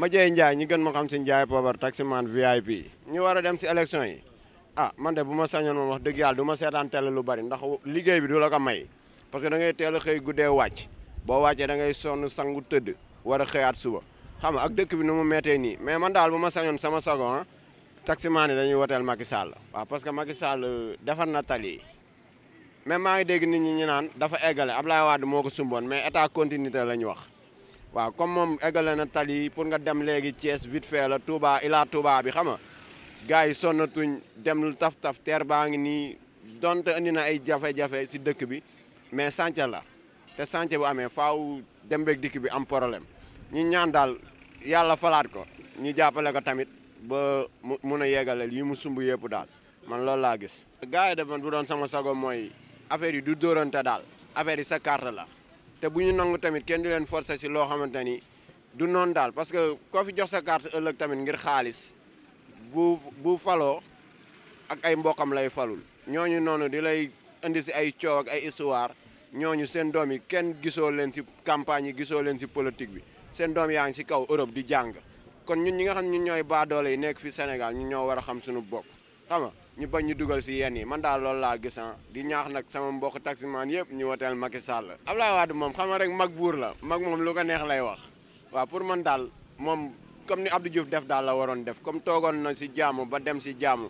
ma jey Ndiaye ñi gën ma xam si Ndiaye Poobar taximan VIP ñu war a dem si élection yi ah man de bu ma sañoon moom wax dëgg yàlla du ma seetaan tele lu bari ndax liggéey bi du la ko may parce que da ngay teel a xëy guddee wàcc boo wàccee da ngay sonn sangu tëdd war a xëyaat suba xam nga ak dëkk bi nu mu mettee nii mais man daal bu ma sañoon sama sagon ah, taximan dañu dañuy woteel Macky Sall waaw parce que Macky Sall euh, defar na tali mais maa ngi dégg nit ñi ñu naan dafa eggale Abdoulaye Wade moo ko sumboon mais état continuité la ñu wax waaw comme moom eggale na tali pour nga dem léegi Thiès vite fait la Touba Ila Touba bi xam nga gars yi sonnatuñ dem lu taf taf teer baa ngi nii donte indi na ay jafe-jafe si dëkk bi mais sance la te sànc bu amee faaw dem dikk bi am problème ñi ñaan daal yàlla falaat ko ñu jàppale ko tamit ba mu mun a yeggale lii mu sumb yëpp daal man loolu laa gis. gars yi de man bu doon sama sago mooy affaire yi du dóorante daal affaire yi sa carte la. te bu ñu nangu tamit kenn di leen forcer si loo xamante ni du noonu daal parce que koo fi jox sa carte ëllëg tamit ngir xaalis bu bu faloo ak ay mbokam lay falul ñoo ñu noonu di lay indi si ay coow ay ay ñoo ñu seen doom yi kenn gisoo leen si campagne yi gisoo leen si politique bi seen doom yaa ngi si kaw Europe di jàng kon ñun ñi nga xam ñun ñooy baadoole yi nekk fi Sénégal ñu ñoo war a xam suñu bopp xam ñu bañ ñu dugal si yenn yi man daal loolu laa gis ah. di ñaax nag sama mbokk taximaan yëpp ñu woteel Macky Sall. Abdoulaye Wade moom xam nga rek mag buur la mag moom lu ko neex lay wax waaw pour man daal moom comme ni Abdou Diouf def daal la waroon def comme toogoon na si jaamu ba dem si jaamu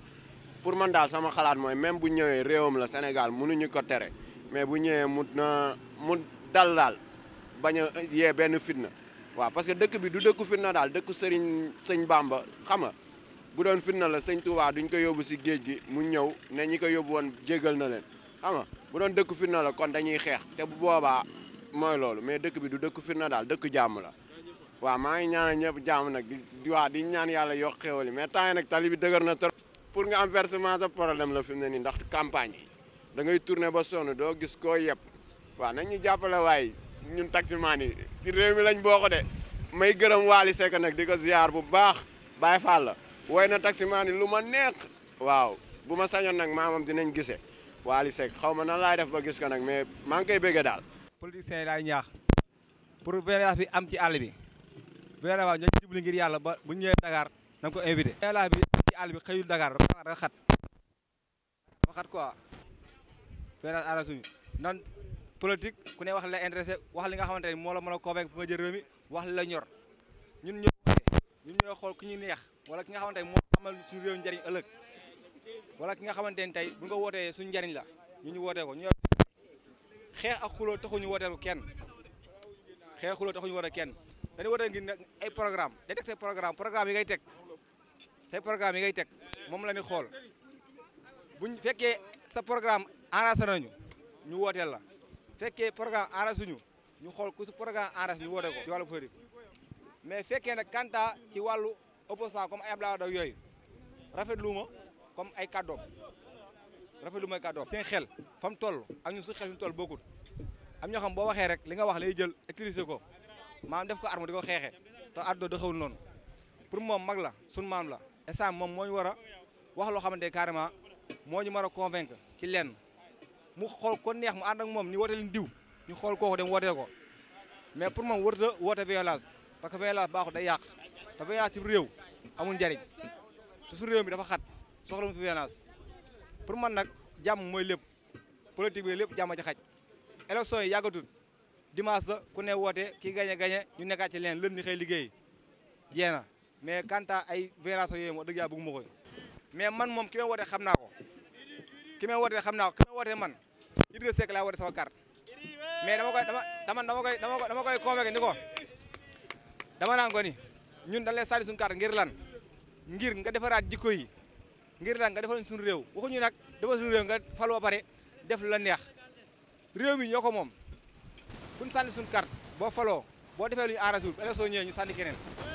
pour man daal sama xalaat mooy même bu ñëwee réewam la senegal mënuñu ko tere mais bu ñëwee mu na mu dal daal bañ yee benn fitna waaw parce que dëkk bi du dëkku fitna daal dëkk sëriñ sëñ Bamba xam nga bu doon fitna la sëñ Touba duñ ko yóbbu si géej gi mu ñëw ne ñi ko yóbbu woon jégal na leen xam nga bu doon dëkk fitna la kon dañuy xeex te boobaa mooy loolu mais dëkk bi du dëkk fitna daal dëkk jàmm la waaw maa ñaan ñaanal ñëpp jàmm nag di waa di ñaan yàlla yokk xéwal yi mais temps yi nag tali bi dëgër na trop. pour nga am versement sa problème la fi mu ne nii ndax campagne yi da ngay tourner ba sonn doo gis koo yëpp waaw nañ ñu jàppale waaye ñun taximaan yi si réew mi lañ boo ko de may gërëm Waly Seck nag di ko bu baax Baye woy na taximaan yi lu ma neex waaw bu ma sañoon nag maamam dinañ gise Wally Seck xaw ma nan laay def ba gis ko nag mais maa ngi koy bëggee daal politiciens yi laay ñaax pour vélage bi am ci àll bi vélage bi ñu jubli ngir yàlla ba bu ñëwee Dakar na ko invité vélage bi am ci àll bi xëyul Dakar dafa xat dafa xat quoi vélage àll suñu nan politique ku ne wax la intéressé wax li nga xamante ne moo la mën a convaincre fu nga jël réew wax la ñor ñun ñoo ñun xool ku ñu neex wala ki nga xamante ne moo amal suñu wala ki nga xamante ne tey bu nga wootee suñ njëriñ la ñu ñu wootee ko ñu xeex ak xuloo taxuñu wootee ko kenn xeex xuloo taxuñu wootee kenn dañu wootee ngir ay programme day teg say programme programme yi ngay teg say programme yi ngay teg moom la ñu xool buñ fekkee sa programme arrangé nañu ñu wooteel la fekkee programme arrangé ñu xool wootee ko ci wàllu politique mais fekkee nag kanta ci wàllu opposant comme ay Abdoulaye Wade yooyu rafetlu ma comme ay kàddoom rafetlu ma ay kàddoom seen xel fa mu toll ak ñun suñu xel fi mu toll am ñoo xam boo waxee rek li nga wax la jël utiliser ko maam def ko arme di ko xeexee te addo da xewul noonu pour moom mag la suñ maam la instant moom moo ñu war a wax loo xamante carrément moo ñu mën a convaincre ci lenn mu xool ko neex mu ànd ak moom ñu woote leen diw ñu xool kooku dem wootee ko mais pour moom warut a woote violence parce que violence baaxul day yàq te voyage ci réew amul njariñ su réew mi dafa xat soxla mu fi voyage pour man nag jàmm mooy lépp politique bi lépp jàmm ci xaj élection yi yàggatul dimanche la ku ne woote ki gañe gañe ñu nekkaat ci leen lën ni xëy liggéey jee na mais kanta ay voyage yooyu moo dëgg yàlla bëgguma ko mais man moom ki may wootee xam naa ko ki may wootee xam naa ko ki may wootee man Idrissa Seck mais dama koy dama dama koy dama koy convaincre ni ko dama naan ni ñun dañ lay sànni suñu carte ngir lan ngir nga defaraat jikko yi ngir lan nga defal suñu réew waxuñu nag defal suñu réew nga fal ba pare def lu la neex réew mi ñoo ko moom buñ sànni suñu carte boo faloo boo defee lu ñu aarasul soo ñëwee ñu sànni keneen